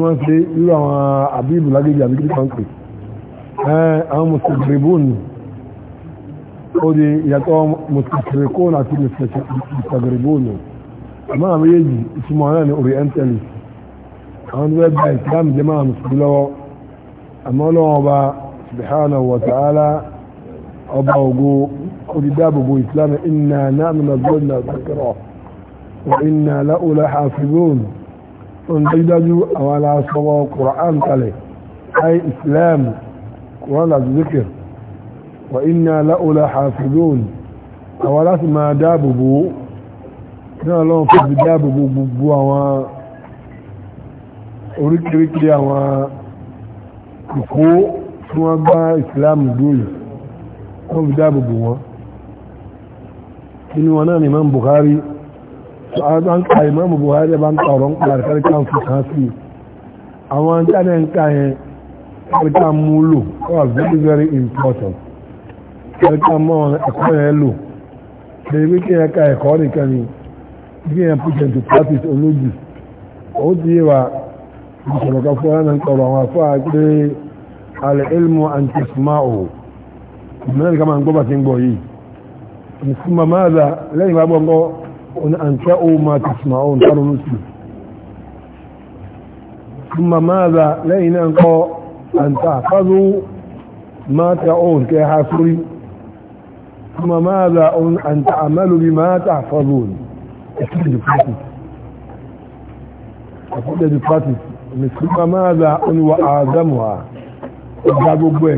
wọ́n ṣe irú àwọn àbíbù lágbègbè àbíkí kan pè àwọn mùsùlùmí ó di ìyàtọ̀ mùsùlùmí kóòn àti mùsùlùmí bóòlù àmọ́ àwọn méjèèjì ìtumọ̀ náà ni orientalist àwọn tó bẹ́ẹ̀ bá ìsìlámù jẹ́ máa mùsùlùmí lọ́wọ́ àmọ́ lọ́wọ́ ọba subhanahu wa ta'ala ọba ògo olùdáàbòbò ìsìlámù inna náà nínú ọgbọ́n náà kẹrọ wa inna láhùlá hafizun dájúdájú àwọn aláṣọwọ́ ƙùrán kalẹ̀ ai islam ƙùrán láti zikir wa inna la'ula hafizun àwọn láti ma dáàbòbò náà lọ́wọ́ kò fi dáàbòbò gbogbo àwọn oríkìríkì àwọn ìkó tí wọ́n bá islam dúró wọ́n fi dáàbòbò wọn inú wọn náà ni imam buhari àwọn ka ìmọ̀mù buhari bá ń tọrọ ń pàdé kárìkà ń fi kan sí àwọn jáde ń ka yẹn kárìkà mú lò wà very very important kárìkà mọ́ ẹ̀kọ́ yẹn lò bẹ̀rẹ̀ kí yẹn ka ẹ̀kọ́ nìkan ni kí yẹn put into practice olójì ó ti yé wa ìṣòro kan fún ẹ̀rọ ń tọrọ àwọn afọ àgbẹ̀ alẹ́ ilmu àti sumau ìmọ̀lẹ́ni ká máa ń gbọ́ bá ti ń gbọ́ yìí wani an sha'o ma ta sma'on karo nusu kuma maza lẹ́yìn náà kọ́ an ta fazo ma ta on kai hasuri kuma maza an ta amalu bi ma ta fazo ne a cikin jifati a kudin jifati kuma maza on wa azamuwa ga gbogbo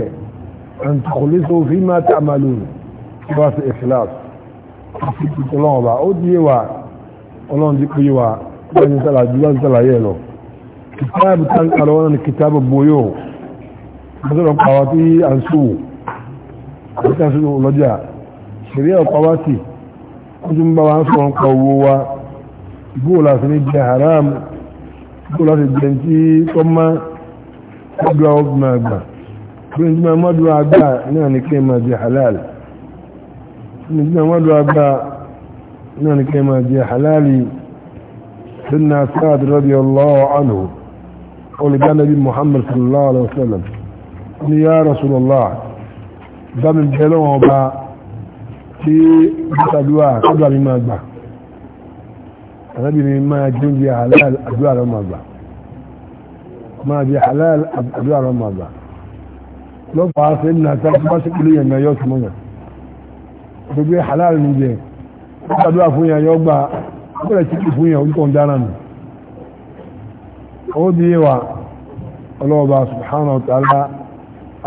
an ta kuliso fi amalu ba su ikhlas ọlọ́run ó di yéwà ọlọ́run dípò yéwà lọ́jọ́ sálà jùlọ sálàyé lọ kìtàbù tá wọn ni kìtàbù bóyó lọ́sọ̀rọ̀ pàwá tí à ń sòwò àti à ṣeré ọ̀pá sí ó bá wa ń sọ̀rọ̀ pa owó wa ní jẹ haram bóò láti jẹ tí tọ́mọ́ ọgbà ọgbà àgbà halal. nígbà wọ́n lọ agbá náà ní kẹma jẹ halali sinna sa'ad radiyallahu anhu olùgbà nabi muhammad sallallahu alaihi wasallam ni ya rasulallah dámi bẹ̀rẹ̀ wọn bá tí bísàdúwà kọ́dọ̀ mi máa gbà alábi ni máa jẹ́ oúnjẹ halal àdúrà rẹ̀ máa gbà máa jẹ́ halal àdúrà rẹ̀ máa gbà lọ́pàá sí ní bá sí pẹ̀lú yẹn náà yọ́ sí mọ́yàn gbogbo halal ní jẹ ọdúnwà fún yà yọ gbà ọgbẹ̀rẹ̀ tí kì fún yà orúkọ dára nù ó di wa ọlọ́ọ̀bá subhanahu wa ta'ala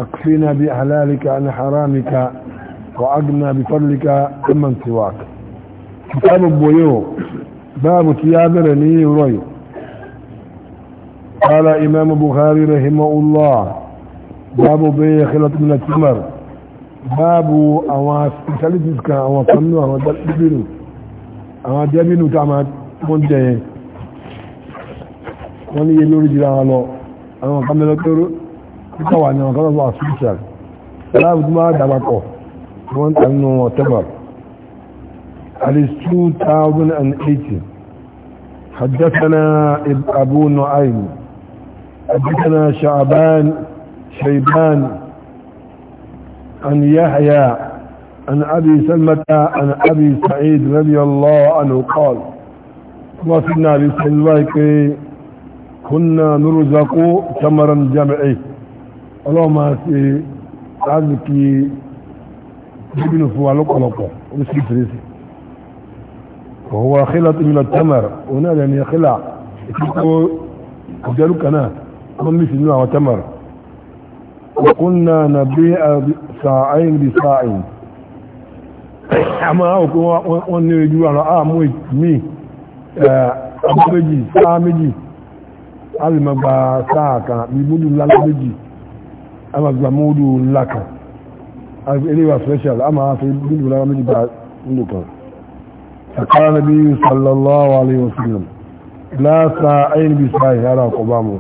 akfina bi halalika an haramika wa agna bi fadlika amman siwak kitabu قال إمام بخاري رحمه الله باب بيع خلط من التمر báàbù àwọn specialities kan àwọn kanú àwọn dẹ́bìnù àwọn dẹ́bìnù tó àmà wọ́n jẹ yẹn wọ́n ní iye lórí jìra wọn lọ àwọn kan mẹ́lọ tó kíkọ́ wà ní àwọn kan lọ́wọ́ àṣíṣàl aláàbù tó máa dàgbà pọ̀ wọ́n tà nínú wọn tẹ́bà àdìs 2018 حدثنا أبو نعيم حدثنا شعبان شيبان عن يحيى عن أبي سلمة عن أبي سعيد رضي الله عنه قال وصلنا الله كنا نرزق تمرا جمعي اللهم سي عزكي ابن فوالق لقو وسي فريسي وهو خلط من التمر هنا لأن خلع وجالك أنا أمي نوع وتمر وقلنا نبيع ساعين بساعين àmọ́ òkú wọn ní ojú àwọn àmú ìmí àmú méjì sáà méjì a lè máa gba sáà kan bí múdù ńlá méjì a máa gba múdù ńlá kan eléwà special a máa fi múdù ńlá méjì gba múdù kan sàkárà nàbí sallallahu alayhi wa sallam láà sáà ayin bí sáà yàrá ọkọ̀ bá mu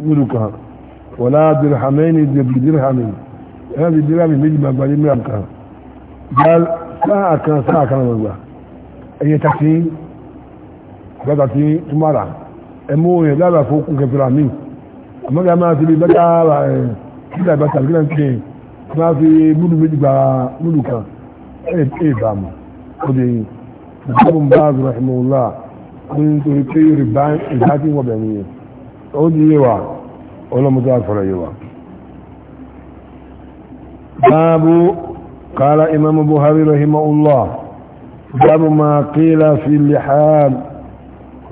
ولك ولا درهمين بدرهم هذه درهم ميجي ما بالي من كان قال ساعة كان ساعة كان ما اي تاكسي بدا تي تمارا امو لا لا فوق كفرامي اما ما في بدا كده بس كده كده ma fi múlù méjì gba múlù kan ẹ̀ bàmù ọdẹ yìí ìjọba bá rahimahullah ní nítorí pé yorùbá ìdájí wọ́n bẹ̀rẹ̀ yẹn ó di yé wa ọlọ́mọdé àfọ̀rọ̀ yé wa báàbù kààlà imam buhari rahimahullah báàbù ma kíla fi lihal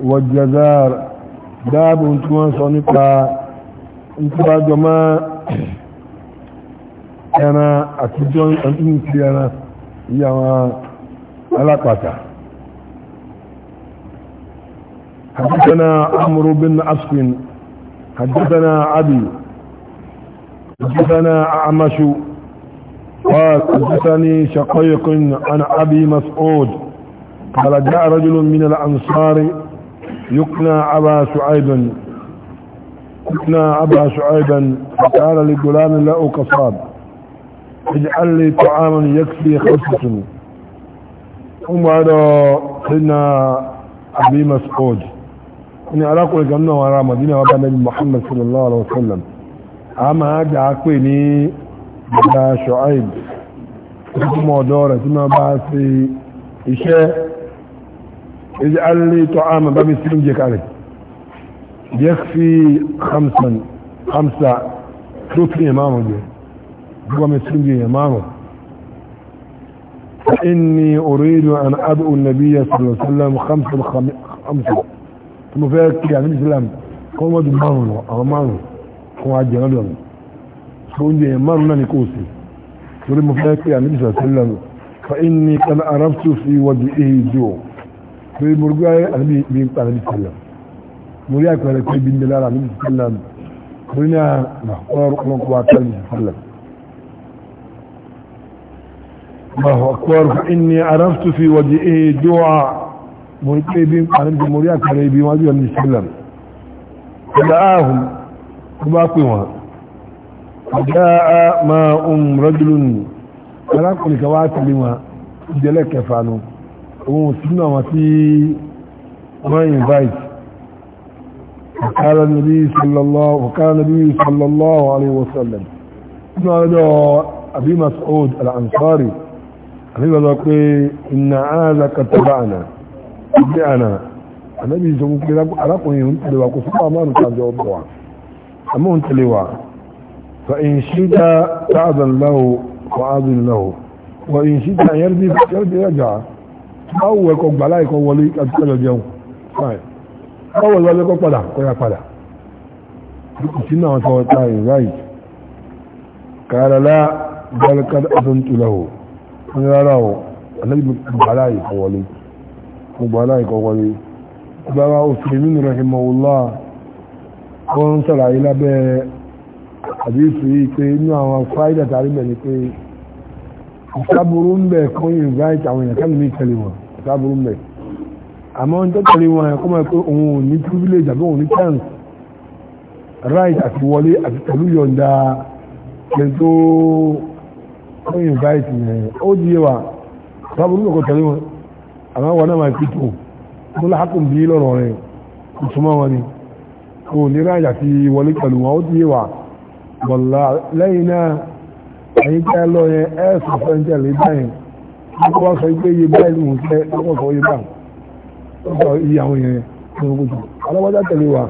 wa jazar báàbù tí wọ́n sọ nípa ìtìbájọ máa ẹran àtijọ́ ẹni tí ẹran alápàtà حدثنا عمرو بن عصف حدثنا أبي حدثنا أعمش قال حدثني شقيق عن أبي مسعود قال جاء رجل من الأنصار يقنى أبا شعيبا يقنى أبا شعيبا فقال لغلام له قصاب اجعل لي طعاما يكفي خمسة ثم هذا سيدنا أبي مسعود مدينة محمد صلى الله عليه وسلم اما اما اما في اجعل لي ni arákùn ìgbà náà ara mọ̀dínà wà bẹ́ẹ̀ mọ̀hànmà sílọ̀lọ́ فإني أريد أن أدعو النبي صلى الله عليه وسلم خمسة خمسة خمس tí mo fẹ́ kí àmì islam kọ́ wọ́n ju márùn lọ àwọn márùn kọ́ wọ́n jẹ lọ́dọ̀ mi so oúnjẹ yẹn márùn náà ni kò sí torí mo fẹ́ kí àmì islam sẹ́lẹ̀ mi fa inni kana araftu fi wọ́jú ehi jù ọ́ torí mo rí gbé àmì bí n pàdé sẹ́lẹ̀ mo rí àpẹẹrẹ pé bí n bẹ lára àmì sẹ́lẹ̀ mi mo rí náà nà ọ̀rọ̀ ọlọ́kọ̀ wa tẹ́lẹ̀ sẹ́lẹ̀ أكبر فإني عرفت في وجهه جوعا mo rí pé ibi ń parí bí mo rí àkàrẹ ibi wájú ọmọ ìsìlẹ̀m ìgbà ahùn tó bá pè wọ́n ìgbà ma ohun rọ́júlù nù arákùnrin kan wá tẹ̀lé wọn ìjẹlẹ̀ kẹfà nù òun sí náà wọn sí wọ́n invite ọ̀kára nàbí sallallahu alaihi wasallam nínú ọjọ́ àbí masoud al-ansari pé ìnà áàzà kàtàbà náà ìgbé àná ànábì sọ pé arákùnrin ń tẹ̀lé wa kò fún àmà nǹkan àjọ ọ̀bọ̀ wa àmọ́ ń tẹ̀lé wa fa in shida ta'zan lahu wa azin lahu wa in shida yardi yardi raja ẹ̀kọ́ gbàlá ẹ̀kọ́ wọlé àti jẹun fine báwo ìwọlé kọ́ padà kọ́ya padà sínú àwọn tọwọ́ táyì right kàràlá bẹ́ẹ̀kọ́ azan tu lahu wọ́n rárá o ànábì gbogbo aláìkọ́ wọlé bàbá Usaimin rahimahullah wọ́n ń sàlàyé lábẹ́ àdífì yìí pé inú àwọn fáìdà tàbí mẹ́rin pé ìsáburú ń bẹ̀ kọ́ invite àwọn èèyàn kẹ́lùmí tẹ̀lé wọn ìsáburú ń bẹ̀ àmọ́ ń tẹ́tẹ̀lé wọn ẹ̀kọ́ mọ́ pé òun ò ní privilege àbí òun ní chance right àti wọlé àti pẹ̀lú yọ̀ǹda ẹni tó kọ́ invite yẹn ó di wa ìsáburú ń bẹ̀ kọ́ tẹ̀lé wọn àmọ́ wọn náà máa fi tó mo láhàkùn bí lọ́rọ̀ rẹ̀ ìtumọ̀ wọn ni kò ní ráyà sí wọlé pẹ̀lú wọn ó ti yé wa bọ̀lá lẹ́yìn náà ẹ̀yìn tẹ́ lọ yẹn ẹ̀ sọ fẹ́ ń tẹ̀lé báyìí wọ́n wá sọ pé iye báyìí mò ń fẹ́ wọ́n sọ iye báyìí wọ́n sọ iye àwọn yẹn ní ogun jù alábọ́já tẹ̀lé wa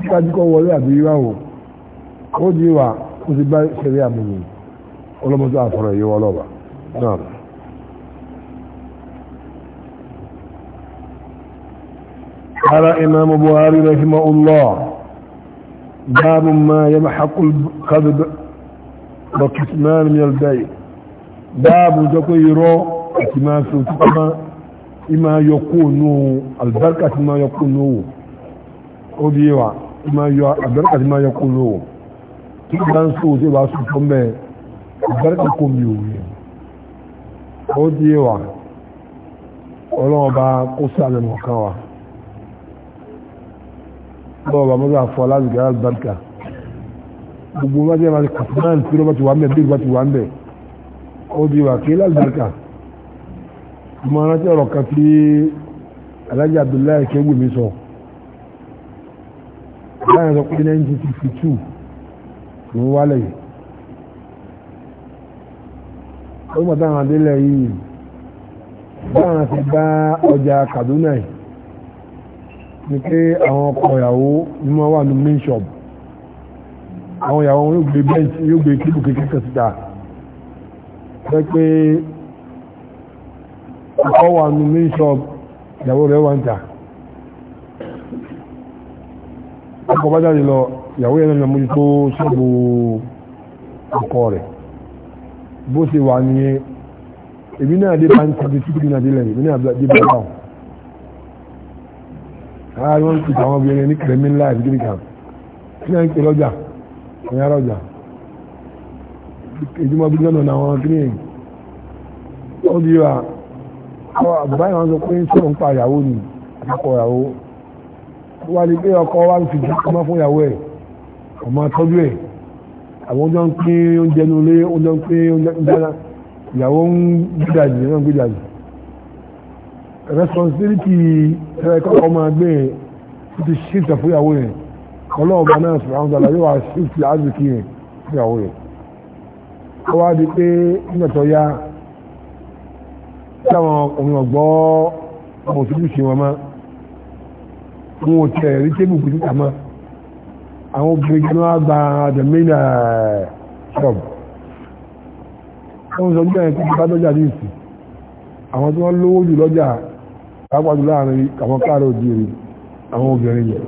síwájú kọ́ wọlé àbí wá wò ó di wa ó ti bá ṣẹlẹ̀ àmì ọlọ́mọdé àfọ̀rọ̀ yìí wọ́n lọ́wọ́ náà قال إمام بوهاري رحمه الله باب ما يمحق الكذب وكتمان من البيع باب تقول يرو كما سوتكما إما يكون البركة ما يكون أبيوا ما يو البركة ما يكون تبان سوت واسوتكم به البركة كم يوم أبيوا ọlọ́wọ́ bá kó sí àlẹ́ bọ́ọ̀ bá mọ́tò àfọ aláàzùkẹ́ alábàríkà gbogbo wọn jẹ́ máa kàtúmán tí wọ́n bá ti wà ń bẹ̀ bí wọ́n ti wà ń bẹ̀ ó di wà kí alábàríkà mo rántí ọ̀rọ̀ kan tí alájà abdullahi kéwù mi sọ láyé sọ pé 1962 ló ń wálẹ̀ yìí ó mọ̀ táwọn adélẹ̀ yìí báwọn ti bá ọjà Kaduna yìí ni pé àwọn ọkọ ìyàwó ni wọ́n wà ní main shop àwọn ìyàwó wọn yóò gbé bench yóò gbé kíkù kékeré síta pé pé ọkọ wà ní main shop ìyàwó rẹ̀ wà ń ta ọkọ bá jáde lọ ìyàwó yẹn lọ́nà mójútó ṣọ́ọ̀bù ọkọ rẹ̀ bó ṣe wà nìyẹn èmi náà dé bá ń tàbí títí náà dé lẹ́yìn èmi náà dé bá ń bá láàrin ah, wọ́n ti tàwọn obìnrin ní kìrẹ́mí ńlá àti gíríkà kí náà ń pè lọ́jà ẹ̀yà lọ́jà ìjùmọ̀ bí lọ́nà àwọn kí ní èyí ó di wa àwọn àbúrá yìí wọ́n sọ pé ń sọ̀rọ̀ ń pa ìyàwó ni àkọ́kọ́ ìyàwó wá ní pé ọkọ wa ń fi ọmọ fún ìyàwó ẹ̀ ọmọ tọ́jú ẹ̀ àwọn oúnjẹ ń pín oúnjẹ nulẹ̀ oúnjẹ ń pín oúnjẹ ìyàwó ń gbìdàjì náà ń gbìdàjì responsibility ẹ̀kọ́ ọmọ agbé yẹn ti shift fúyàwó yẹn ọlọ́ọ̀bá náà sọ̀rọ̀ àwọn ọ̀dàlá yóò wá shift azùkí yẹn fúyàwó yẹn ó wá di pé nígbàtọ̀ ya táwọn ọkùnrin ọ̀gbọ́ àwọn òṣèlú ṣe wọn má wọn ò tẹ̀ rí tébù kù síta má àwọn obìnrin kan wá gba àdàmínà eh, shop wọn sọ nígbà yẹn kí bá lọ́jà ní ìsìn àwọn tí wọ́n lówó jù lọ́jà pàápàá jù láàrin àwọn káàrọ̀ òjìrì àwọn obìnrin yẹ̀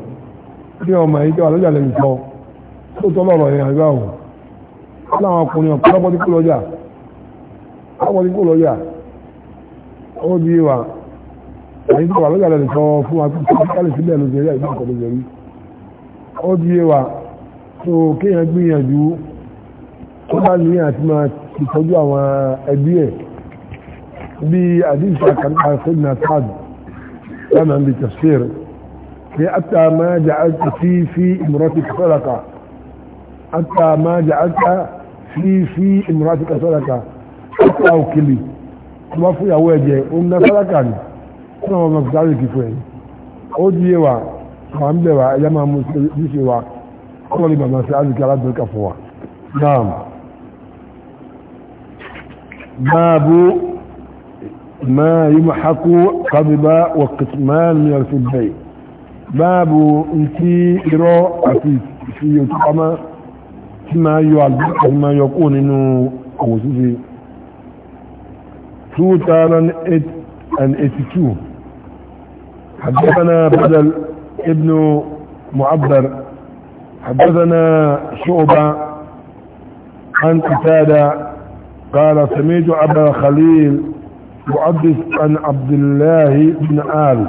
tí ọmọ èyí tẹ́wà lọ́jà lẹ́yìn tọ́ tó tọ́ lọ́rọ̀ yẹn àríwá òun láwọn ọkùnrin ọ̀pọ̀ lọ́pọ̀tí kó lọ́jà lọ́pọ̀tí kó lọ́jà ó di wà èyí tẹ́wà lọ́jà lẹ́yìn tọ́ fún wa tó kálẹ̀ sílẹ̀ ló jẹ́rí àìsàn kọ̀ ló jẹ́rí ó di wà tó kéèyàn gbìyànjú tó bá ní àti máa ìtọ́jú àwọn ẹbí ẹ̀ bí àdíṣà kan àfẹ́ لما بتفسير حتى ما جعلت في في امراتك صدقة حتى ما جعلت في في امراتك صدقة حتى وكلي ما في اواجه ومنا صدقة انا ما بتعلي كيفين اودي وا عمد وا يا ما مسلمي وا كل ما مسعد كلام بالكفوا نعم باب ما يمحق كذب وقسمان من الفضي باب انتي ارو عفيف في يوتقما كما يعلق ما يقول انه ان اتتو حدثنا بدل ابن معبر حدثنا شعبة عن قتادة قال سميت أبا خليل يحدث عن عبد الله بن آل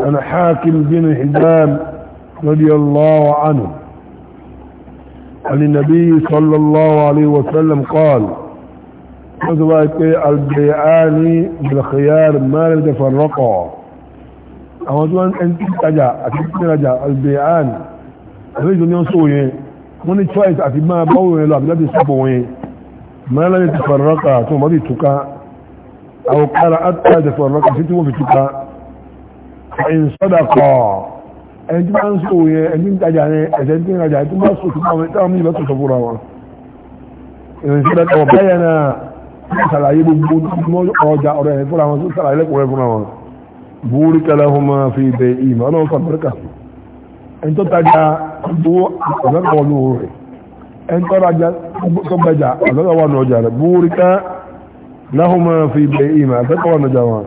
عن حاكم بن حزام رضي الله عنه عن النبي صلى الله عليه وسلم قال أزواجك البيعان بالخيار ما لم تفرقا أمازوان أنت تجا أتبت البيعان أريد أن ينصوه من يتفايت أتبع بوين لا بلاد ما لم يتفرقا ثم ما أو قرأت هدف الرقم ستة وفتكا فإن صدقا انت ما انسوه انت اجعني انت اجعني انت ما انسوه انت امني بس تفورها ان صدق وبينا سلعي ببود رجع ورهن فلا مسؤول سلعي لك ورهن فلا بورك لهما في بيئيما انا وصل بركة تجع بو اذن قولوه انت رجع تبجع اذن قولوه بورك لهما في بيئيما تقوى نجوان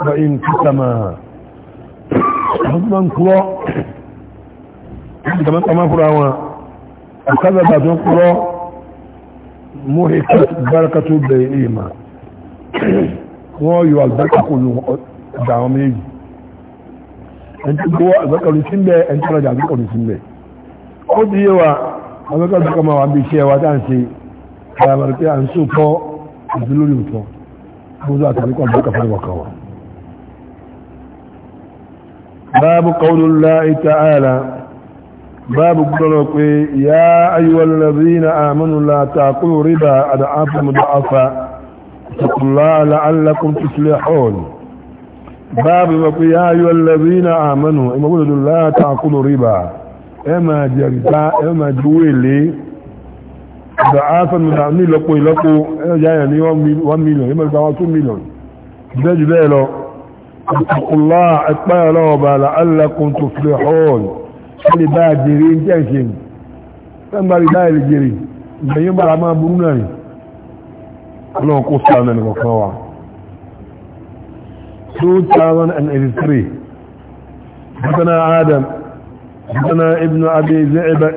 فإن كتما حكما قراء كمان كمان قراء وكذبت قراء محكت بركة بيئيما ويو البركة كل دعوامي انت قوة البركة لسنبه انت رجع البركة لسنبه قد يوا البركة كما وعبي شيء وتنسي فأمرتي أن سوفه ظلول فوق وذات يقول كفر وكفر باب قول الله تعالى باب الطرق يا ايها الذين امنوا لا تاكلوا ربا اضعافا مضاعفا اتقوا الله لعلكم تفلحون باب قول يا ايها الذين امنوا اما قول الله تاكلوا ربا اما جرتا اما جويلي ìgbà áfẹ́nu náà ní ìlọ́po ìlọ́po ẹ̀yà ní 1 million yíma gba 2 million jẹ́jù bẹ́ẹ̀ lọ ọ̀pọ̀lá ẹ̀pẹ́ ọlọ́ọ̀bà alákùn tó fi hàn ṣẹlẹ̀ bá jèrè ń jẹ́ ìṣe ní sẹ́gbàrí báyìí jèrè ìgbẹ̀yìn bára máa burú náà ni ọlọ́run kó sáà حدثنا آدم حدثنا ابن أبي زئبة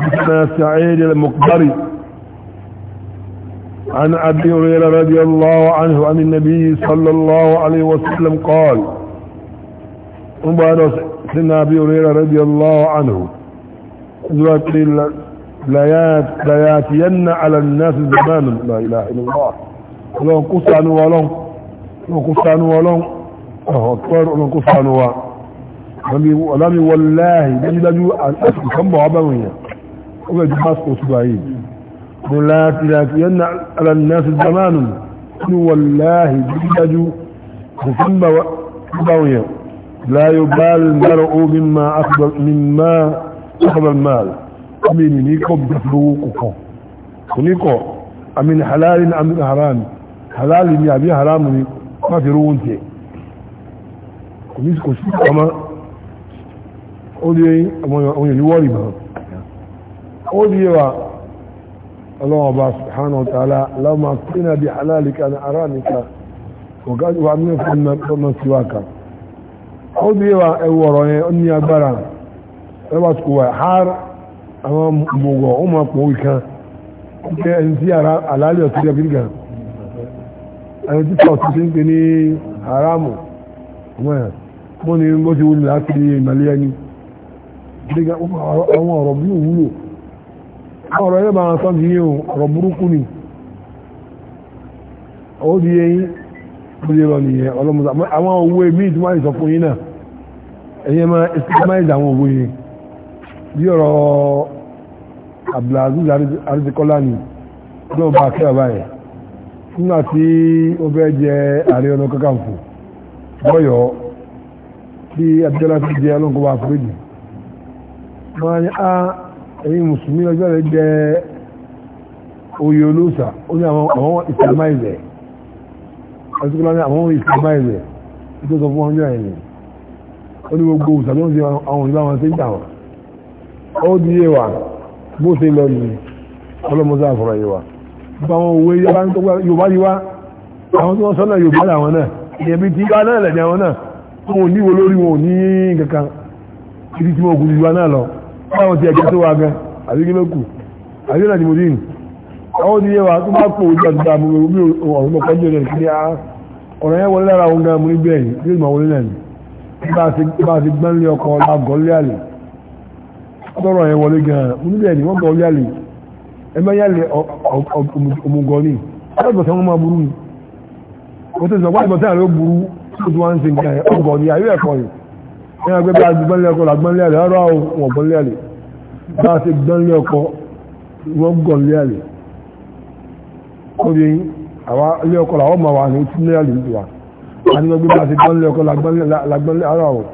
حدثنا سعيد المقبري عن أبي هريرة رضي الله عنه عن النبي صلى الله عليه وسلم قال مبارس سيدنا أبي هريرة رضي الله عنه لياتين على الناس زمان لا إله إلا الله لهم قصانوا ولهم لهم قصانوا ولهم أهو أكبر لهم ولو ولم والله لم يجب أن أسكت كم بعضوية ọmọ ìjọ pásítọ̀ tó báyìí mo láti láti yẹn na alànàṣì zamanu ní wàláhì dídájú kò fún báwọn yẹn láyé báyìí lára omi ma akabar mal ọmọ ènìyàn ní kọ́ bí lówó kọ̀kọ́ kò ní kọ́ amin halali na harami halali ni àbí haramu ni wọ́n fi rówó ń tẹ̀ kò sí ọmọ ó ní ọmọ ìyẹn ó di wa ọlọ́wọ́ bá subhanahu wa ta'ala lọ́mọ akínà bí halálìkà ní ará nìkan kò gájú wa nínú fún ọmọ síwáka ó di wa ẹwọ ọ̀rọ̀ har àwọn mọ̀gọ̀ ó máa pọ̀ wíkan jẹ́ ẹni tí àlálẹ̀ ọ̀tí haramu ọ̀rọ̀ yẹ́ máa sọ́n ti yíò ọ̀rọ̀ burúkú ni ó di yẹ́yìn ó di lọ nìyẹn ọlọ́mọdé àwọn owó èmi tí wọ́n sọ fún yín náà ẹ̀yẹ máa ìsìnkú àwọn owó yẹn bí ọ̀rọ̀ Abdulaziz Arzikola ni ọlọ́mọ bá kẹ́ ọ̀bá yẹn ẹ̀yin mùsùlùmí ọjọ́ rẹ̀ jẹ́ oyè olóòsà ó ní àwọn ìsìlámáìlẹ̀ ọ̀sùnkúlá ní àwọn ìsìlámáìlẹ̀ tó sọ fún ọjọ́ ẹ̀yìn ó ní gbogbo òsà àwọn ìlú àwọn tẹ́jà ó di yé wa bó ṣe lọ ní ọlọ́mọdé àfọ̀rọ̀ yé wa nípa àwọn òwe yọba tó gbá yorùbá yí wá àwọn tó wọ́n sọ́nà yorùbá làwọn náà ìyẹ̀bí ti bá náà lẹ̀ ní àwọn náà báwọn ti ẹ̀jẹ̀ tó wà gan àríkínlókù àríkínlá ni mo dín àwọn ti yẹ wa tó bá pò ojú àti dáàmú bí ọ̀rọ̀ mọ̀ kọjú rẹ̀ kí ni a ọ̀rọ̀ yẹn wọlé lára òun gan mo ní bẹ́ẹ̀ yìí bí ìmọ̀ wọlé náà ni bá a ti gbọ́n lé ọkọ̀ lágọ̀ lé àlè yẹn wọlé gan mo ní bẹ́ẹ̀ ni wọ́n gbọ́ lé àlè ẹ má yálè òmùgọ̀ ni alábọ̀sán ni mo ni àyè ní agbẹ́ bá ti gbọ́nlé ọkọ̀ làgbọ́nlé àlè ọ̀rọ̀ wọn gbọ́nlé àlè bá ti gbọ́nlé ọkọ̀ wọ́n gbọ́nlé àlè kóbi àwa ilé ọkọ̀ làwọn ma wà ní tílé àlè níbi wa a ní agbẹ́ bá ti gbọ́nlé ọkọ̀ làgbọ́nlé àlè ọ̀rọ̀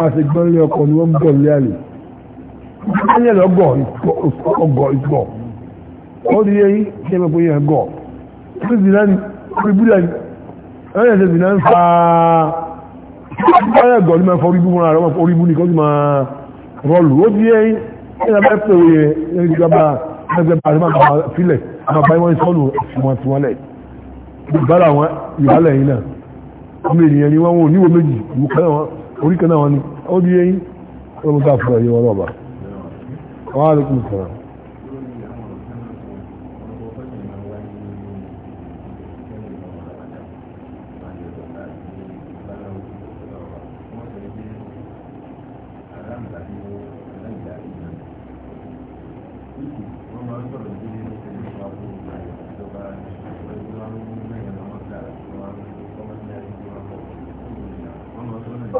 bá ti gbọ́nlé ọkọ̀ ni wọ́n gbọ́nlé àlè gbọ́nlé ọgọ̀ ọgọ̀ ìgbọ̀ ó di yé kí ẹ mọ̀ pé yẹn báyẹ̀ gọ̀ ní ma fọ oríbú múra rẹ̀ oríbú ní kọ́ sí ma rọlù ó bí ẹyìn ẹ̀yà bẹ́ẹ̀ pò yẹ ẹgbẹ́gbà ẹgbẹ́gbà àti máa bá filẹ̀ àmà báyìí wọ́n sọ́nù ìwọ̀n tí wọ́n lẹ̀ ìbára wọn ìbálẹ̀ yìí náà ọmọ ènìyàn ni wọ́n wọ́n níwò méjì ìwòkànnà wọn oríkànnà wọn ni ó bí ẹyìn ọlọ́mọdé àfúrà yìí wọ́n rọ̀ bá wàhálà kùn sọ̀rọ̀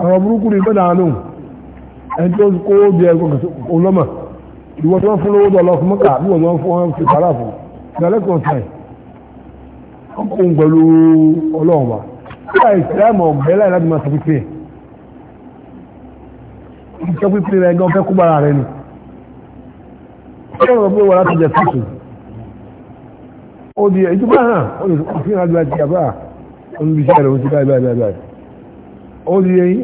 àwọn burúkú ní bẹ́ẹ̀ dànù ẹni tó kó jẹ olómà ìwọ tí wọ́n fún lówó dọ̀lọ́ fún mọ́kà bí wọ́n fún wọn fi pàrà fún ìdálẹ́kùn ọ̀sán ọkùn pẹ̀lú ọlọ́run wa tí a ìsìlámù ọ̀gbẹ́ láì láti máa sọpípé ìsọpípé rẹ̀ gan fẹ́ kú bára rẹ̀ ni ọlọ́run pé wọ́n láti jẹ síkì ó di èyí tó bá hàn ó lè fi hàn àdúrà ti àbá olùbíṣẹ́ rẹ̀ ó ti báyìí báyìí báyìí ó di ẹyìn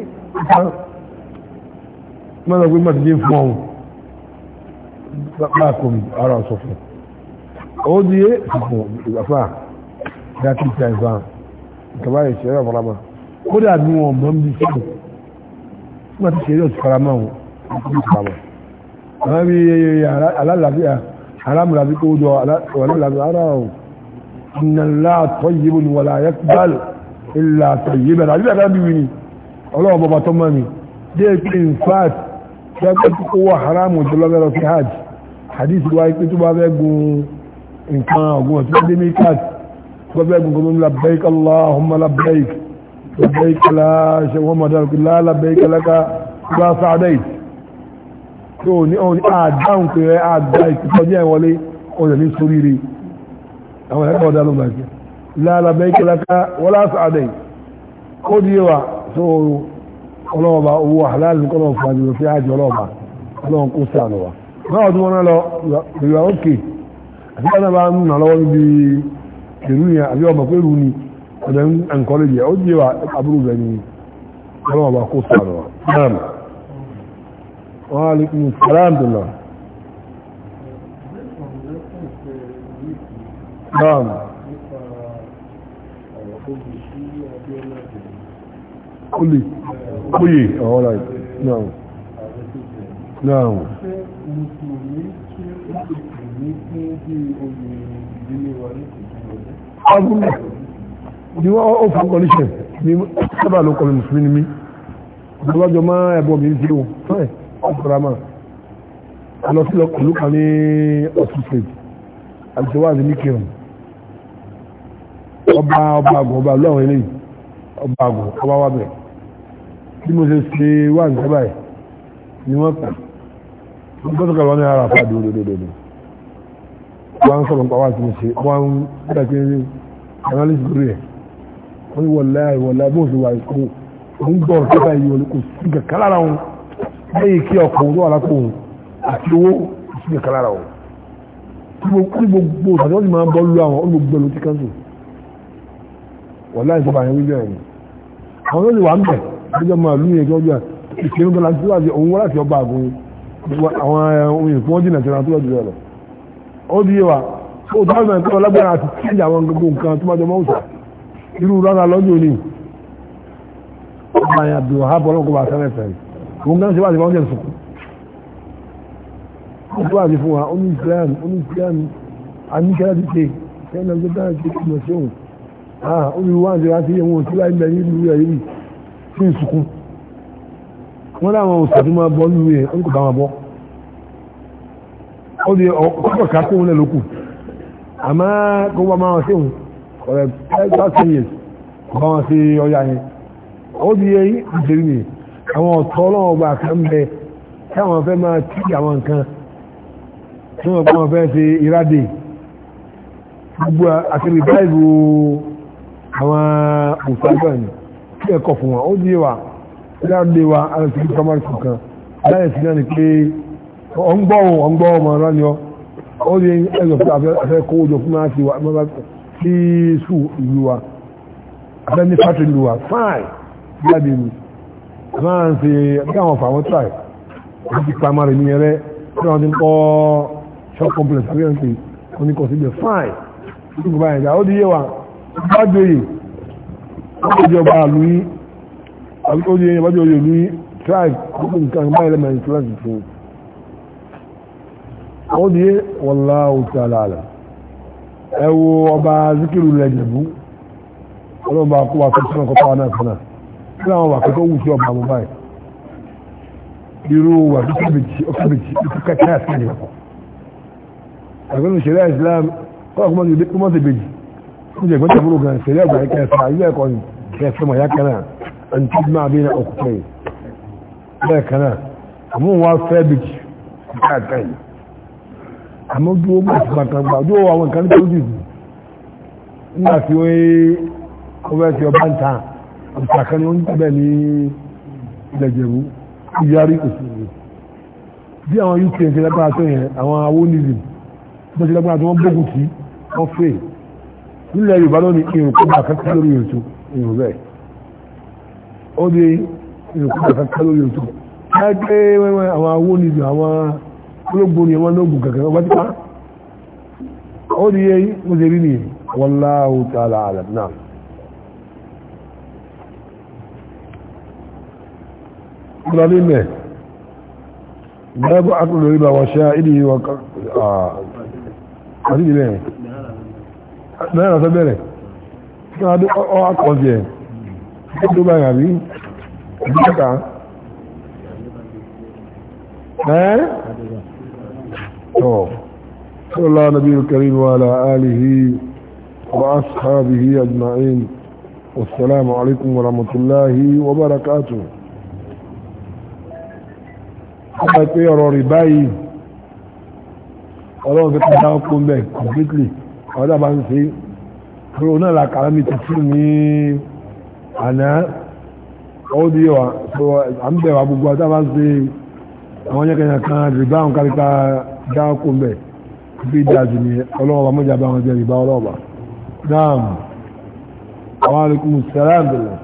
mọ́nà pé má ti dé fún ọ̀hún pápákọ̀ ara ọ̀sọ̀ fún ó di ẹ fún ìgbàfà dákì ìta ìfà ìkàbá ìṣẹ́ rẹ̀ fọlámà ó dà bí wọn mọ́ bí sí nígbà tí ṣe eré òtún faramá wọn ní ìfàmà àwọn bí alálàáfíà alámùlàbí kó jọ alálàáfíà ara ọ̀hún إن الله طيب ولا يقبل إلا طيبا عجبا كان بيويني ọlọ́wọ́ bọ̀bọ̀ tó mọ́ mi dé pé in fact ṣẹ́gbẹ́ tó kó wà haramu tó lọ́gbẹ́ lọ sí hajj hadith wa pé tó bá fẹ́ gun nǹkan ọ̀gbun ọ̀tí tó dé mi kat tó bá fẹ́ gun gómìnà labbaik allahumma labbaik labbaik la ṣe wọ́n mọ̀ dára la labbaik laka bá sáadẹ́ tó ní ọ̀hún ní àdáhùn pé rẹ̀ àdá ìtìtọ́jú ẹ̀ wọlé ọ̀dẹ̀ ní sóríire àwọn ẹ̀kọ́ ọ̀dá ló bàjẹ́ la labbaik laka wala sáadẹ́ ó di wa tó ọlọ́ọ̀bá owó àláàlú kọ́lọ̀ fàájú lọ sí àjọ ọlọ́ọ̀bá ọlọ́run kó sàánù wa báwo tí wọ́n lọ ìwà òkè àti bá náà bá ń nà lọ́wọ́ níbi ìlú yẹn àbí ọmọ pé ìlú ni ọ̀dẹ̀ ń ẹnkọ́lẹ́jì ó jẹ́ wa àbúrò rẹ̀ ni ọlọ́ọ̀bá kó sàánù wa náà wọ́n á lè kún sàrántì náà olè oyè ọ̀rọ̀ náà náà ọdún ni wọ́n ó fún kọlíṣẹ̀ ní sábà ló kọlu mùsùlùmí ni mí ọlọ́jọ́ máa ẹ̀bọ̀ mi tí ó fẹ́ ọkùnrin àmà ọlọ́sílẹ̀ kọlù kan ní ọ̀túnṣe àti wáàzí ní kírun ọba ọba àgọ̀ ọba lọ́wọ́ eléyìí ọba àgọ̀ ọba wà bẹ̀rẹ̀ bí mo ṣe ṣe wà ní sábà yìí ni wọ́n pè wọ́n tó sọ̀kọ̀ lọ́nà ara fà dòdòdòdò wọ́n ń sọ̀rọ̀ pàwọ́ àti ṣe wọ́n ń bẹ̀rẹ̀ pé analyst lórí ẹ̀ wọ́n ní wọ̀lá ìwọ̀lá bó ṣe wà ìkó òun gbọ́ ọ̀rọ̀ sábà yìí wọlé kò sí kàkà lára wọn lẹ́yìn kí ọkọ̀ òun wà lápò àti owó sí kàkà lára wọn kí gbogbo ìtàjọ́ sì máa ń bọ́ lú àwọn olùgbé ló ti káńsù wọ̀lá ìjọba yẹn wí bẹ́ẹ̀ ni àwọn olè ń bẹ̀rẹ̀ àjọ máa lú yẹn kọjá ìṣẹ́nu tó láti láti òun wá láti ọba àgùn àwọn eh, ohun ìfún jìnà tó láti lọ́dún rẹ̀ ó di yé wa ó dáhùn náà tó lágbára àti kíjà àwọn gbogbo nǹkan tó máa jọ mọ́wùsà irú rárá lọ́dún òní ọba àyàdùn ọ̀hábọ̀ ọlọ́kọ̀ bá sẹ́rẹ̀ fẹ̀rẹ̀ òun gán ṣe wá sí wọn jẹ́ sùkú ọdún àti fún wa oní islam oní islam àníkẹ́lá ti ṣe kẹ́lá ti dáhùn sí ọmọ ah, sí òun ah oníwáǹdì láti ẹ̀wọ̀n tí láì mẹ́rin ìlú rẹ̀ yìí fún ìsìnkún wọ́n láwọn òṣèlú máa bọ́ lórí ẹ̀ ń kò bá wọn bọ́ ó di ọkọ̀ ká fún ilẹ̀ lókù àmọ́ kó wọ́n máa ṣe òun ọ̀rẹ́ ẹgbẹ́ ten years kò bá wọn ṣe ọya yẹn ó di ẹyí ìṣèlú nìyẹn àwọn ọ̀tọ́ ọlọ́wọ́ bá kan bẹ táwọn fẹ́ máa tí àwọn nǹkan tí wọ́n kọ́ wọn fẹ́ ṣe ìrádé gbogbo àti rìbáìbù àwọn òṣèlú kí ẹ̀kọ́ fún wọn ó di wa láàrúdé wa alẹ́sìkí primary school kan láyé náà ni pé ọ̀n gbọ́ ọ̀n gbọ́ ọmọ ọ̀rọ̀ ni ó di ẹ̀yọ̀ fún afẹ́ kó ojò fún máa ti wà mọ́bá sí sù ìlú wa afẹ́ ní fátì ìlú wa fáì lábẹ́ mi máa ń ṣe bí àwọn fà wọ́n tàì wọ́n ti primary ní ẹrẹ́ tí wọ́n ti ń kọ́ shop complex àbí ẹ̀ǹkì oníkọ̀ọ́sí bẹ̀ fáì ó ti gbọ́ báyìí ìjọba àlú yí àbíkójú yẹn ìbájọ́ òye ìlú yí tribe gbogbo nǹkan máa ilẹ̀ mẹ́rin fúláṣì fún ó di wọ́lá òtí àlàálà ẹ wo ọba zikiru lẹ́jẹ̀bú ọlọ́ba kó wa tó sọ́nà kọ́tà náà fúnà kí láwọn wà kókó wù sí ọba àmọ́ báyìí irú wà tó kábìtì ó kábìtì ó kẹ́kẹ́ àti ìjọba ẹgbẹ́ ìṣẹ̀lẹ̀ Islam kọ́ ọkùnrin mọ́tò ìbejì ó jẹ́ ìgbọ́n tàbúrò gan ìṣẹ̀lẹ̀ ọgbà ìkẹsà ilé ẹ̀kọ́ ni kẹsà mọ̀ yákan náà ẹni tí máa bí náà òkúta yìí bẹ́ẹ̀ kan náà àmú wa fẹ́ bí kí káàkà yìí àmọ́ dúró bá ti bàtà gbà dúró àwọn nǹkan tó dì bù nígbà tí ó yé ọbẹ̀ tí ọba ni ó ń tẹ̀bẹ̀ ní ìlẹ̀jẹ̀bú ìyárí uk ṣe lágbára tó yẹn àwọn awónìlì bó ṣe lágbára tó wọ́n gbógun sí wọ́n fèé nílẹ̀ yorùbá ló ní irun kó bá kankan lórí irun tó irun bẹ́ẹ̀ ó di irun kó bá kankan lórí irun tó káàkiri wẹ́wẹ́ àwọn awó ni ju àwọn olóògbò ni wọ́n lóògùn kankan wọ́n ti pa ó di yẹ mo ṣe rí ni wallahu ta'ala alam náà. lọ́lé mẹ́ bẹ́ẹ̀ bọ́ akọ̀lórí bá wọ́n ṣá ìdí wọn kọ́ àti ìdí mẹ́rin. lẹ́yìn ọ̀sẹ̀ bẹ̀rẹ̀ ka, صلى الله نبي الكريم وعلى آله وأصحابه أجمعين والسلام عليكم ورحمة الله وبركاته ndị رباي ọlọ́run fi kọjá ọkùn àwọn dábà ń ṣe ọ̀rọ̀ náà la kàrà mi tìtì ní àná ó di wa so à ń bẹ̀rẹ̀ gbogbo àwọn dábà ń ṣe àwọn yẹ́kẹ̀yẹ̀ kan rìbá àwọn káríkà dáàkó mẹ́ bí dájú ni ọlọ́wọ́ mọ́jà bá wọn jẹ́ rìbá ọlọ́wọ́ naam àwọn alaikum salam bẹ̀rẹ̀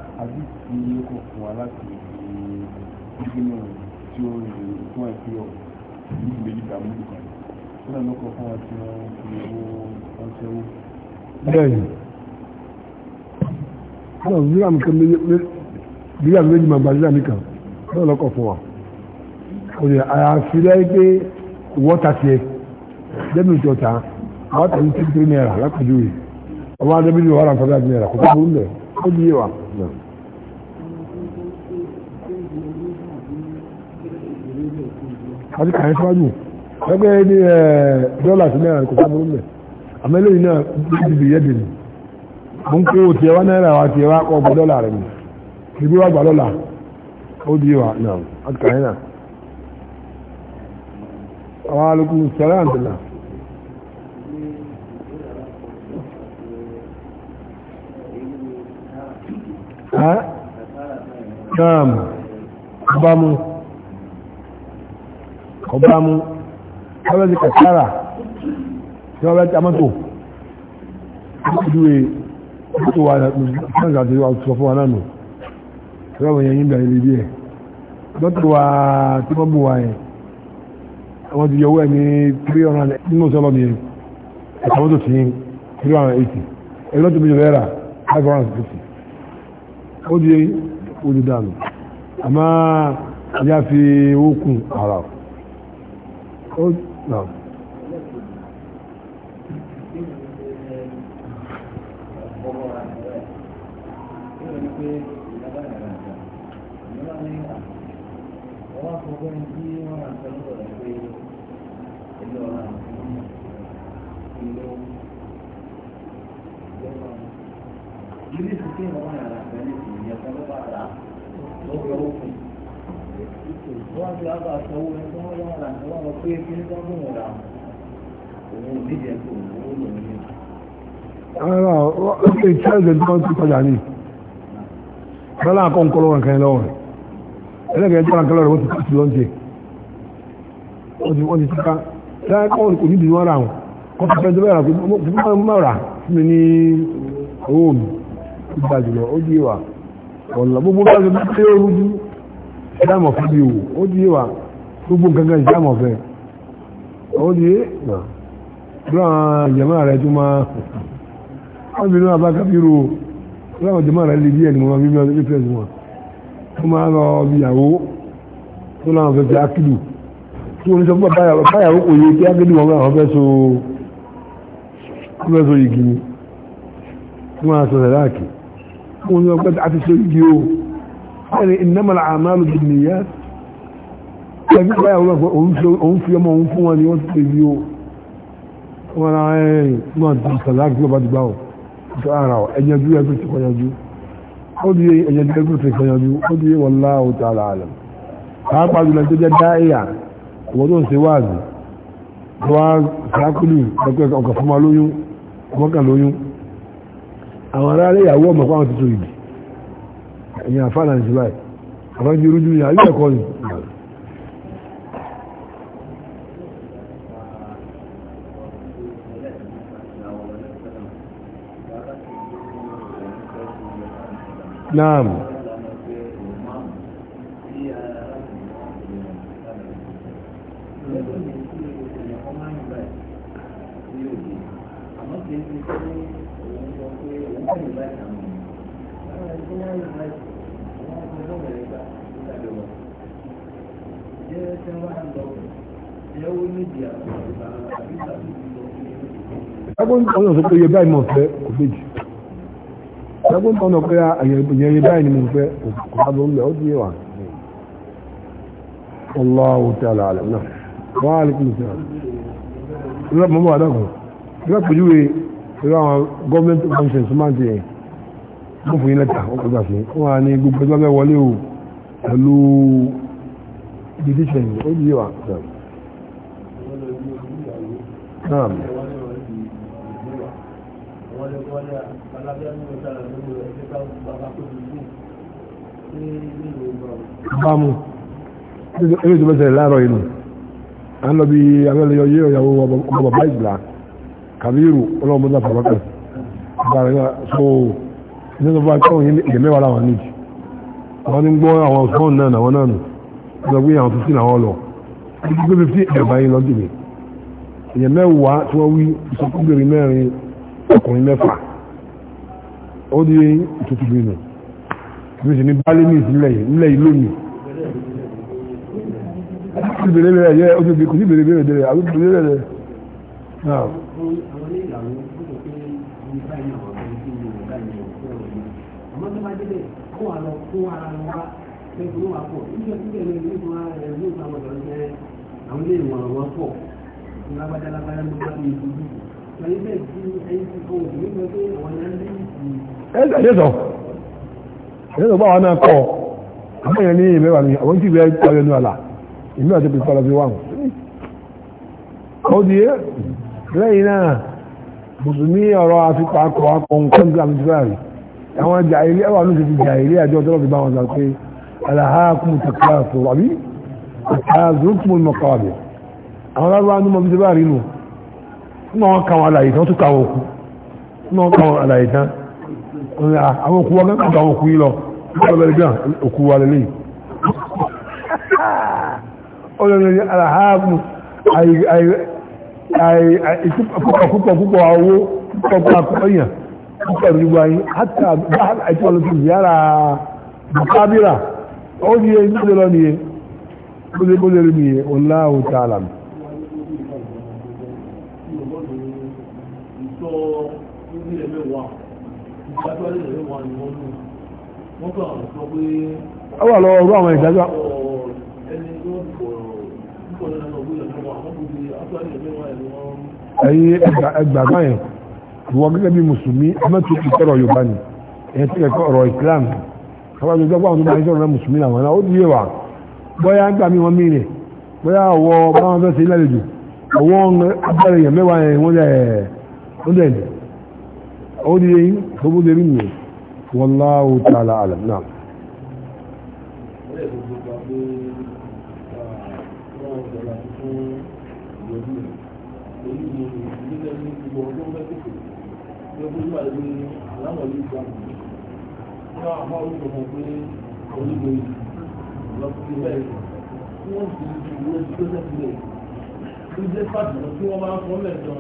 Thank you bẹ́ẹ̀ni ọ̀rọ̀ islam kan bíyà méjì máa gba islam kan lọ́wọ́ lọ́kọ̀ fún wa òye àyàfi lẹ́yìn pé wọ́ta tiẹ̀ dẹ́mi ìjọ ta àwọn tẹ̀lé tí tí náírà lápẹ̀júwe ọba adébí ni wàhálà nǹkan bí náírà kò tó burú lẹ̀ ó di yé wa. àti kàyé síwájú ẹgbẹ́ ní dọ́là sí náírà kò tó burú lẹ̀ àmẹ́lẹ́ iná bíbí yẹ́dì ni mo ń kó tiẹ̀ wá náírà wa tiẹ̀ wá kọ́ ọgbọ́ dọ́là rẹ̀ mi ìbí wá gbà lọ́la ó di wa náà àkàrẹ́ náà àwọn alùpùpù sẹ́rẹ̀ àǹtẹ̀là. Naam, ọba mu, ọba mu, ọba ti kàtàrà tí wọ́n bẹ́ ta mọ́tò ìdúwé mọ́tò wà náà àti sọ fún wa náà nù tí wọ́n yẹn yín bẹ̀rẹ̀ lébi ẹ̀ mọ́tò wà tí wọ́n bù wà yẹn wọ́n ti yọwọ́ ẹ̀ ní three hundred nínú sọ́lọ́ ni ẹ̀ka mọ́tò sí three hundred eighty ẹ̀rọ lọ́tò mi lọ́ra five hundred fifty ó di ojú dànù àmọ́ ìyá fi pé kí ní bá mọ̀ ra òun nídìí ẹ̀kọ́ òun lò ní. Ara ó ṣe ìtẹ́lẹ̀ tí wọ́n ti padà ní. Bọ́lá àkọ́ ń kọ́lọ́ nǹkan lọ́wọ́ rẹ̀. Ẹlẹ́gẹ̀ẹ́ tí wọ́n kọ́lọ́ rẹ̀ wọ́n ti kásì lọ́n jẹ. Wọ́n ti túká. Dáa kọ́ kò nídìí wọ́n ra wọn. Kọ́tà fẹ́ tó bẹ̀rẹ̀ pé mo rà fún mi ní owó mi. Ó gbà jùlọ, ó di ìwà. Ọ̀la gbogbo bá ṣe bí ó rújú. Ìdáàmọ̀ fún mi wò, ó di ìwà gbogbo gangan ìjámọ̀ fẹ́ ó di bí wọn jẹ̀mọ́ rẹ̀ tún máa wọ́n bí náà bá kábírù bí wọn jẹ̀mọ́ rẹ̀ lè díẹ̀ ní wọn bí wọn bí fẹ́ẹ́ wọn tó máa lọ bí ìyàwó tó láwọn fẹ́ fi ákìlù tí wọn ní sọ fún báyàwó kò yẹ kí ákìlù wọn àwọn fẹ́ so fẹ́ so igi ni tí wọn sọ sẹ̀ wọn ní wọn pẹ́ àti so igi o ẹni ìnámọ̀lá àmàlù bìnnìyàn ẹbí báyà wọ́n pé òun fi ọmọ òun fún wọn ni wọ́n ti tẹ̀lé o wọn náà ẹ̀ náà ti sàlá kí wọ́n bá ti gbà ọ́ tó ara ọ̀ ẹ̀yẹ́dú ẹgbẹ́ ti kọyanjú ó di ẹ̀yẹ́dú ẹgbẹ́ ti kọyanjú ó di wallahu ta'ala alam pàápàá jùlọ tó jẹ́ dá ẹ̀yà wọ́n tó ń ṣe wáàzì wá sákùlù ẹgbẹ́ ọkọ̀ fún wa lóyún ọmọkà lóyún náà Ẹgbọ́n ọ̀yọ́ sọ pé yẹ báyìí mọ̀ fẹ́ kò méjì ẹgbẹ́ tó ọ̀nà pé àyẹ̀yẹ ah, báyìí ni mo fẹ́ kò bá lóun bẹ̀ ó díẹ̀ wà Allahu ta'ala alam náà wọ́n á lè kí n sọ ìrọ̀ mọ́mọ́ àdàkùn ìrọ̀ pèjúwe ìrọ̀ àwọn gọ́ọ̀mẹ́ntì functions wọ́n lé wọ́n lé alábẹ́ mú ọjà lọ́wọ́ rẹ̀ ṣé ká bàbá tó ti kú ní ilé ìwé náà. bámu ilé ìjọba ìṣẹ̀lẹ̀ láàárọ̀ yìí nù à ń lọ bí abẹ́lẹ̀ yọ ìyàwó ọmọ bàbá ìgbà kàbírù ọlọ́mọdé àfàbàkàn bàrẹ̀ náà so ní ọjọ́ bá kọ́ yìí ìdẹ̀mẹ́wàá làwọn níjì àwọn ní gbọ́ àwọn ọ̀sán náà náà náà nù lọ gbé àwọn fífí làwọn lọ gbígbé fífí ẹ̀bá yìí lọ́dún mi ìyẹn mẹ́wàá tí wọ́n wí ìsọkúgbèrè mẹ́rin ọkùnrin mẹ́fà ó di ìtútù bí nù bí sì ní bálé ní ìsìnlẹ̀ yìí nílẹ̀ yìí lónìí kò sí bèrè yẹ ojú bí kò sí bèrè bèrè bèrè àwọn bèrè bèrè àwọn ilé ìwọ̀n ẹ̀ẹ́dẹ̀ ṣẹ́sọ̀ ṣẹ́sọ̀ báwọn náà kọ́ àwọn èèyàn ní ìmẹ́wà ní àwọn tí ìwé ọ̀rẹ́ ní àlà ìmú àti pípa lọ sí wà wọn ọ̀rọ̀ àfipá akọ̀ akọ̀ nǹkan gbà mí fẹ́rẹ̀ àwọn jà ilé ẹwà ló ti jà ilé àjọ tó lọ́fi bá pé aláha kún mu tàkìlá sọ wàbí àzùkùn mọ̀kàwàbẹ̀ àwọn àwọn ọmọ náà wọ́n kàwọn àlàyé tán tún kàwọn òkú náà wọ́n kàwọn àlàyé tán àwọn òkú wọn kàwọn àwọn òkú yìí lọ ọlọ́bẹ̀rẹ̀ gbà òkú wa lélẹ̀ ọlọ́bẹ̀rẹ̀ aláhàbù púpọ̀ púpọ̀ owó púpọ̀ akọ́yàn púpọ̀ rígbà yìí hátà àti ọlọ́pẹ̀ yára bukabira ó ní ẹni tó lọ ní ẹ bó lè rí mi ọláhùn ó wà lọ́wọ́ ọ̀rọ̀ àwọn ìdájọ́ ẹ̀yí ẹgbàgbà yẹn wọ́n gẹ́gẹ́ bí mùsùlùmí ọmọ́tò ìtọ́rọ̀ yorùbá ni ẹ̀yẹn tí kẹ́kọ́ ọ̀rọ̀ islam kábàbí ìjọba àwọn tó máa ń sọ̀rọ̀ náà mùsùlùmí làwọn náà ó di yẹwà bóyá ń gbà mí wọn mìíràn bóyá ọwọ́ báwọn fẹ́ ṣe ilé àlejò ọwọ́ abẹ́rẹ́ yẹn ó di yẹn tó bó lérí wallahu ta'ala alam náà Ìjẹ́ pàtàkì tí wọ́n máa ń fọ́lẹ̀ jọ,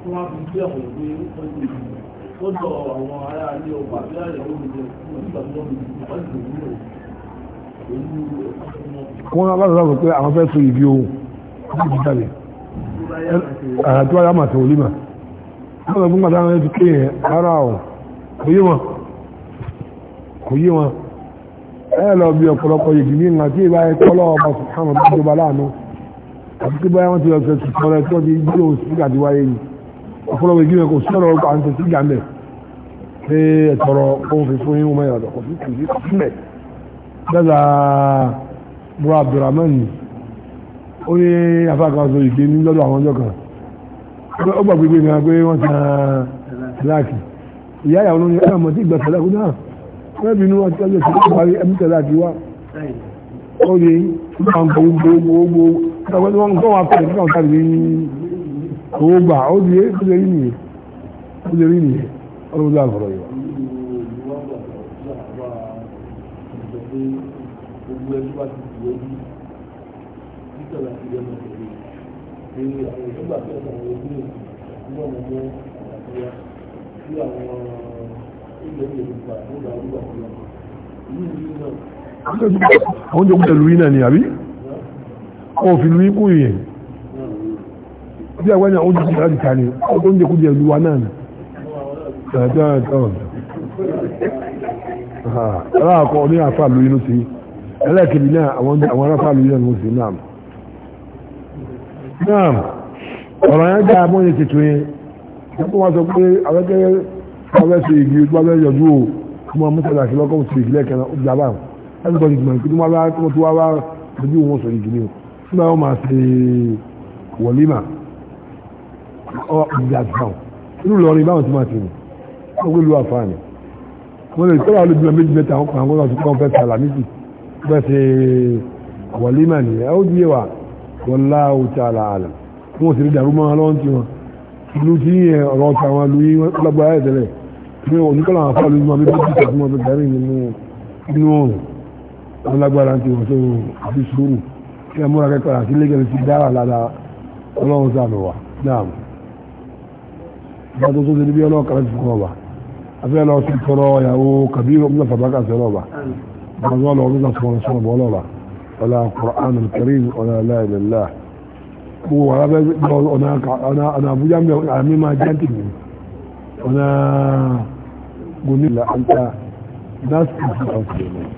tí wọ́n á fi gbé ọ̀pọ̀ ìgbé ọjọ́ ìgbé lọ́dọ̀ àwọn ará ilé ọba àbí àrẹ olùdó wọ́n aláàrọ̀ pé àwọn fẹ́ so ìgbé ohun láti jáde àti wáyé àmà tó límà wọ́n lọ fún gbàdá àwọn ẹ̀sùn kéèyàn ara ọ̀ kò yé wọn kò yé wọn ẹ lọ bí ọ̀pọ̀lọpọ̀ yìí ní ìgbà tí ìbá ẹ̀kọ́lọ́ ọba sùkánù tó jọba láàánú àti tí báyá wọ́n ti lọ sẹ́sùn kọ́rẹ́ tí wọ́n ti gbé òsì ọ̀fọ́lọ́wọ́ igi mẹ́kọ̀ọ́ sí ọ̀rọ̀ ọkọ̀ àǹtẹ̀ sí gàmẹ̀ pé ẹ̀tọ́rọ ohun fífún yín wọ́n yàtọ̀ kò sí kò sí kò sílẹ̀ dada bro abdulrahman ó ní afáàkà sọ ìgbé ní lọ́dọ̀ àwọn ọjọ́ kan ó gbàgbé pé mi pé wọ́n san láàkì ìyá ìyàwó ní ẹ̀rọ mọ̀ sí ìgbà sàdákù náà wọ́n bínú wọn ti ọjọ́ sí parí ẹ̀mí sàdákì wá ó ní wọ́n gbogbo gbogbo wọ́n kọ́ wọn fẹ́ẹ̀ kí wọ́n sáré ní owó gbà ó di é ó lè rí nìyẹn ó lè rí nìyẹn ọlọ́run ló àfọ̀rọ̀ yìí. àwọn jẹ́ kúta lùí náà ni àbí? ọ̀fìn lùí kú yẹn bí àwọn ènìyàn oúnjẹ kúrò láti kàní oúnjẹ kúrò ìlú wa náà nì aláàkọ́ ní àfà lóyún ló sí ẹlẹ́kẹ̀ẹ́bí náà àwọn aráfà lóyún ló sí náà náà ọ̀rọ̀ yẹn jẹ́ àmọ́yẹ tuntun yẹn wọ́n wá sọ pé àwẹ́kẹ́ àwẹ́sọ igi tó wáwẹ́ yọjú o ọmọ mọ́sálà kí lọ́kọ́ sí igi lẹ́kẹ̀ẹ́ náà ọjà báwọn láti bọ́ ìgbìmọ̀ ìpínlẹ̀ wọn wá tó wá wá ojú wọn sọ igi ni o nígbà wọn máa ṣe wọ̀límà ọ ìyàgbọ́n inú lọrin báwọn ti máa ti rìn wọ́n gbé lu àfààní wọ́n lè tọ́lá olóbi lọ méjì mẹ́ta àwọn àwọn àti kọ́ fẹ́ sàlà méjì bẹ́ẹ̀ ṣe wàlímà ní ẹ ó di wa wallahu ta'ala alam tí wọ́n sì rí dàrú máa lọ́wọ́ tí wọn ìlú tí yẹn ọ̀rọ̀ ọ̀tà wọn lu yín lọ́gbà ayé tẹ́lẹ̀ tí wọ́n oníkọ́lá àwọn afọ́ lójúmọ́ bí bí bíkà tí wọ́n fi darí nínú inú ọ̀rùn wọn lágbára ti wọ́n tó àfi sùúrù kí ẹ múra kẹ́kọ̀ọ́ àti lẹ́gẹ̀rẹ́ ti dára gbogbo tó débi ọlọ́wọ́ kan ti fún ọba afẹ́ lọ sí tọrọ ìyàwó kàbí ọmọdé fàbákà sí ọlọ́ba gbogbo ọlọ́wọ́ ló sọ ọ̀rọ̀ sọ̀rọ̀ ọlọ́ba ọlá Qur'an al-Karim ọlá aláìlélá gbogbo wàrà bẹ ọ̀nà àbújá mi àmì máa jẹ́ tì mí ọ̀nà gòmìnà àǹtà náà sì fi ọ̀sẹ̀ náà.